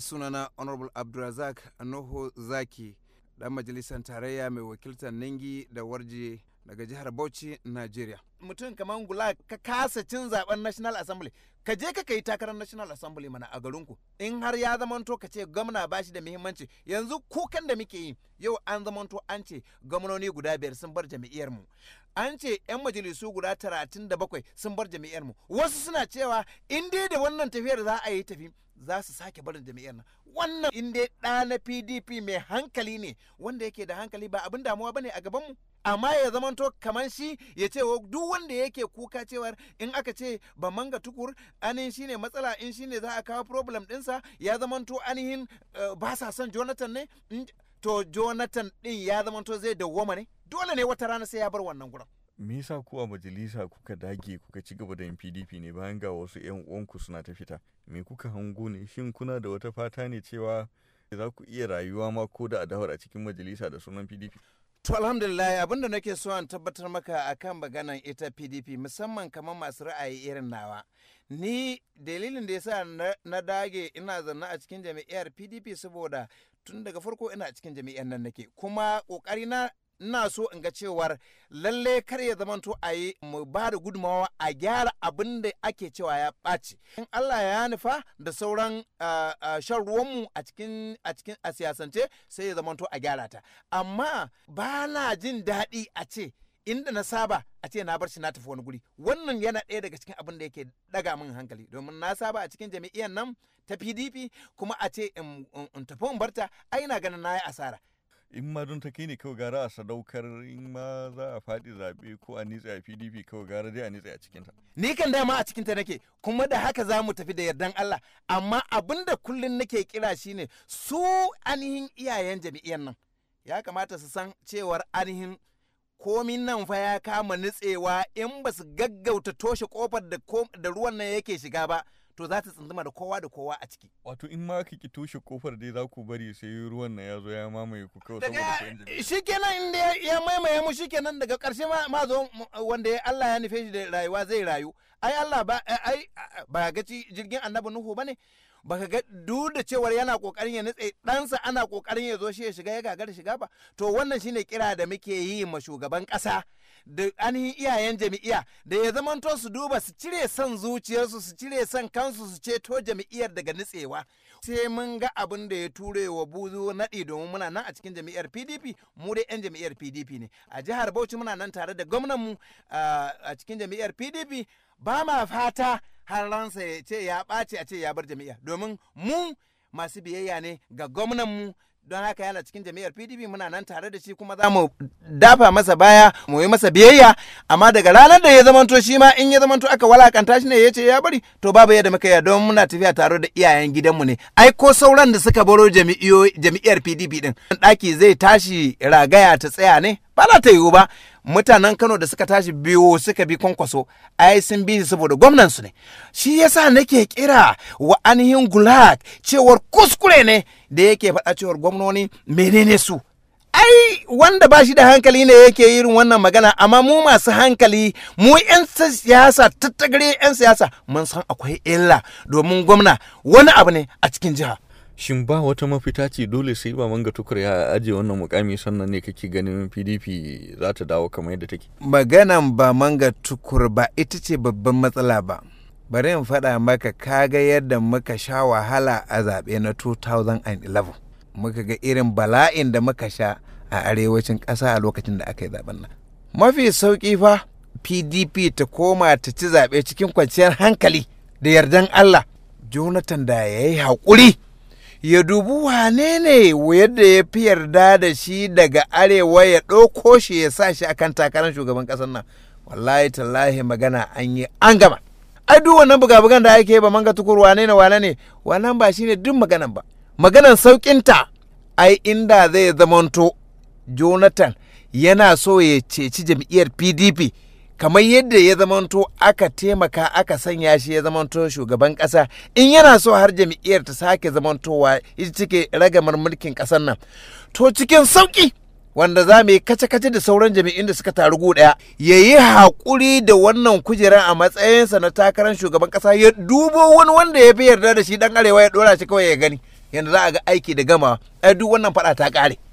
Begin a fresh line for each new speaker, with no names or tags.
sunana honorable abdulrazak nuhu zaki dan majalisar tarayya mai wakiltar ningi da warje daga jihar Bauchi, Najeriya. Mutum kamar Gula ka kasa cin zaben National Assembly, ka je ka kai takarar National Assembly mana a garinku. In har ya zamanto ka ce gwamna ba shi da muhimmanci, yanzu kukan da muke yi yau an zamanto an ce gwamnoni guda biyar sun bar jami'iyar mu. An ce 'yan majalisu guda talatin da bakwai sun bar jami'iyar mu. Wasu suna cewa in dai da wannan tafiyar za a yi tafi za su sake barin jami'ar nan wannan in dai ɗa na pdp mai hankali ne wanda yake da hankali ba abin damuwa bane a gaban mu. amma ya zamanto kamar shi ya ce duk wanda yake kuka cewar in aka ce ba manga tukur anin shine matsala in shine za a kawo problem dinsa ya zamanto anihin eh, ba sa son jonathan ne to jonathan din ya zamanto zai dawwama ne dole ne wata rana sai ya bar wannan gurin
me yasa ku a majalisa kuka dage kuka ci gaba da yin pdp ne bayan ga wasu 'yan uwanku suna ta fita me kuka hango ne shin kuna da wata fata ne cewa za ku iya rayuwa ma ko da dawar a cikin majalisa da sunan pdp
To alhamdulillah abin da nake so an tabbatar maka akan maganan ita PDP musamman kamar masu ra'ayi irin nawa. Ni dalilin da yasa na dage ina zanna a cikin jami'ar PDP saboda tun daga farko ina cikin jami'an nan nake kuma kokari na ina so in ga cewar lalle kar ya zamanto a yi mu ba da gudumawa a gyara abin da ake cewa ya ɓaci in Allah ya nufa da sauran shan ruwanmu a cikin a cikin a siyasance sai ya zamanto a gyara ta amma ba na jin daɗi a ce inda na saba a ce na bar shi na tafi wani guri wannan yana ɗaya daga cikin abin da yake daga min hankali domin na saba a cikin jami'iyyar nan ta pdp kuma a ce in tafi in barta ai na ganin na yi asara
in ma don ta kai ne kawai gara a sadaukar in ma za a faɗi zaɓe ko a nitsa a pdp kawai gara dai a nitsa a cikinta ni
kan dama a cikinta nake kuma da haka za mu tafi da yardan allah amma abin da kullum nake kira shine su ainihin iyayen jami'an nan ya kamata su san cewar ainihin komin nan fa ya kama nutsewa in ba su gaggauta toshe kofar da ruwan nan yake shiga ba to za ta tsunduma da kowa da kowa a ciki
wato in ma ka ki toshe kofar dai za ku bari sai ruwan na ya zo ya mamaye ku kawai saboda Shi kenan
shikenan inda ya maimaye mu shi kenan daga karshe ma zo wanda Allah ya nufe shi da rayuwa zai rayu ai Allah ba ai ba gaci jirgin annabi Nuhu bane baka ga duk da cewar yana kokarin ya nutse ɗansa ana kokarin ya zo shi ya shiga ya gagara shiga ba to wannan shine kira da muke yi ma shugaban kasa. da ainihin iyayen jami'iya da ya zamanto su duba su cire son zuciyarsu su cire son kansu su ceto jami'iyar daga nutsewa sai mun ga abin da ya ture wa buzu naɗi domin muna nan a cikin jami'ar pdp mu dai 'yan jami'ar pdp ne a jihar bauchi muna nan tare da gwamnanmu a cikin jami'ar pdp ba ma fata har ransa ya ce ya ɓace a ce ya bar jami'a domin mu masu biyayya ne ga gwamnan mu don haka yana cikin jami'ar pdp muna nan tare da shi kuma za mu dafa masa baya mu yi masa biyayya amma daga ranar da ya zamanto shi ma in ya zamanto aka walakanta shi ne ya ce ya bari to babu yadda muka yi don muna tafiya tare da iyayen gidanmu ne ai ko sauran da suka baro jami'ar pdp din ɗaki zai tashi ragaya ta tsaya ne ba za ta yiwu ba mutanen kano da suka tashi biyu suka bi kwankwaso ai sun bi saboda su ne shi yasa nake kira wa ainihin gulak cewar kuskure ne da yake faɗa cewar gwamnoni menene su ai wanda ba shi da hankali ne yake irin wannan magana amma mu masu hankali mu 'yan siyasa tattagare 'yan siyasa mun san akwai illa domin gwamna wani abu ne a cikin jiha
shin ba wata mafita ce dole sai ba manga tukur ya aje wannan mukami sannan ne kake ganin pdp za ta dawo kamar yadda take
maganan ba manga tukur ba ita ce babban matsala ba bari in faɗa maka kaga yadda muka sha wahala a zaɓe na 2011 muka ga irin bala'in da muka sha a arewacin ƙasa a lokacin da aka yi zaɓen nan mafi sauƙi fa pdp ta koma ta ci zaɓe cikin kwanciyar hankali da yardan allah jonathan da ya yi haƙuri ya dubi wane ne yadda ya fi yarda da shi daga arewa ya ɗauko shi ya sa shi a kan takarar shugaban ƙasar nan wallahi tallahi magana an yi an gama ai duk wannan buga-bugan da ake ba manga tukur wane ne wane ne wannan ba shine duk maganan ba maganan saukinta ai inda zai zamanto jonathan yana so ya ceci jam'iyyar pdp kamar yadda ya zamanto aka taimaka aka sanya shi ya zamanto shugaban kasa in yana so har jam'iyyar ta sake zamantowa ita take ragamar mulkin kasar nan to cikin sauki wanda za mu yi kace-kace da sauran jami'in da suka taru gu ɗaya ya yi haƙuri da wannan kujeran a matsayinsa na takarar shugaban ƙasa ya dubo wani wanda ya fi yarda da shi ɗan arewa ya ɗora shi kawai ya gani yanda za a ga aiki da gama ai duk wannan faɗa ta ƙare